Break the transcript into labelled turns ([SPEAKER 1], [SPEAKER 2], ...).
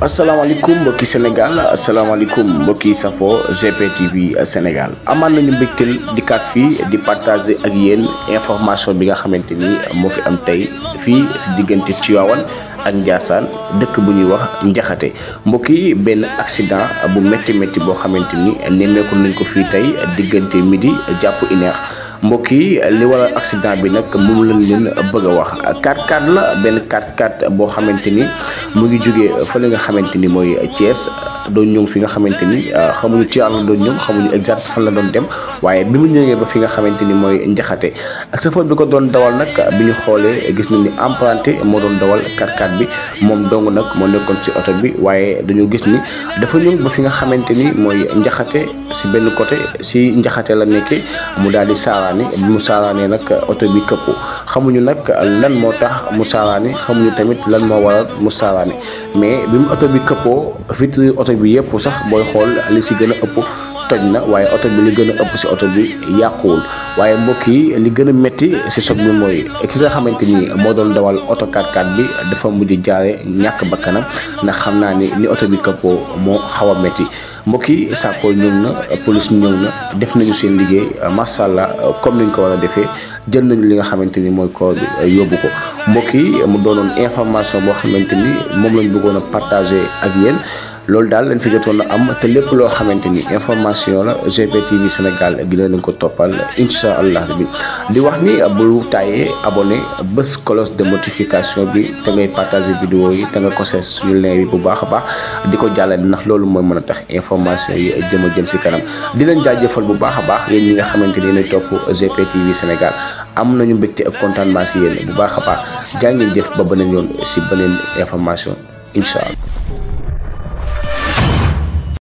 [SPEAKER 1] asalaamaaleykum mbokki Sénégal asalaamaaleykum mbokki Safo GPTV Sénégal amaan nañu mbégteel di kat fii di partager ak yéen information bi nga xamante ni moo fi am tey fii si diggante Tivaouane ak Ndiassane dëkk bu ñuy wax Njaxate mbokk yi benn accident bu métti métti boo xamante ni nemmeeku nañ ko fii tey diggante midi jàpp une mbokk yi li waral accident bi nag moom lañ leen bëgg a wax 4 x la benn 4 x boo xamante ni mu ngi jógee fa li nga xamante ni mooy Thiès. dàq doon ñëw fi nga xamante ni ah, xamuñu Tivaouane la doon ñëw xamuñu exact fan la doon dem waaye bi mu ñëwee ba fi nga xamante ni mooy njaxate ak chauffeur ko doon dawal nag bi ñu xoolee gis nañ ni emprunté moo doon dawal karkaat bi moom dong nag moo nekkoon ci oto bi waaye dañu gis ni dafa ñëw fi nga xamante ni mooy njaxate si benn côté si njaxate la nekkee mu daal di saaraani bi mu saaraanee nag oto bi këpp xamuñu nag lan moo tax mu saaraani xamuñu tamit lan moo waral mu saaraani mais bi mu oto bi këppoo vitre oto bi yëpp sax booy xool li si gën a ëpp toj na waaye oto bi li gën a ëpp si oto bi yàquwul waaye mbokk yi li gën a métti si choc bi mooy ki nga xamante ni moo doon dawal oto 4 x bi dafa mujj jaare ñàkk bakkanam ndax xam naa ni ni oto bi këppoo moo xaw a métti mbokk yi sàkkoo ñëw na police ñëw na def nañu seen liggéey macha allah comme niñ ko war a defee jël nañu li nga xamante ni mooy corps bi yóbbu ko mbokk yi mu doonoon information boo xamante ni moom lañ bëggoon a ak yéen loolu daal lañ fi jotoon a am te lépp loo xamante ni information la GPTV Sénégal bi la nañ ko toppal incha allah bi di wax nii bu tàyyee abone bés cloche de motification bi te ngay partager vidéo yi te nga kose suñu lien bi bu baax a baax di ko jàllale ndax loolu mooy mën a tax information yi jëm a jëm si kanam di leen jaajëfal bu baax a baax yéen ñi nga xamante ni yéen topp GPTV Sénégal am nañu mbégte ak contentement si yéen bu baax a baax jaa ngeen jëf ba beneen yoon si beneen information incha